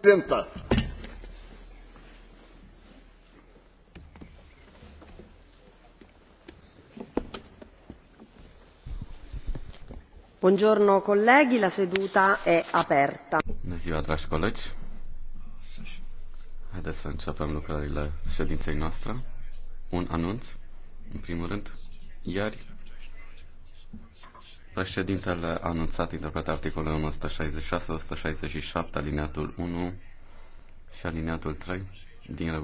președintă Buongiorno colleghi, la seduta è aperta. Bună ziua, dragi colegi. Haideți să începem lucrările ședinței noastre. Un anunț, în primul rând, ieri Președintele a anunțat interpretarea articolului 166, 167, alineatul 1 și alineatul 3 din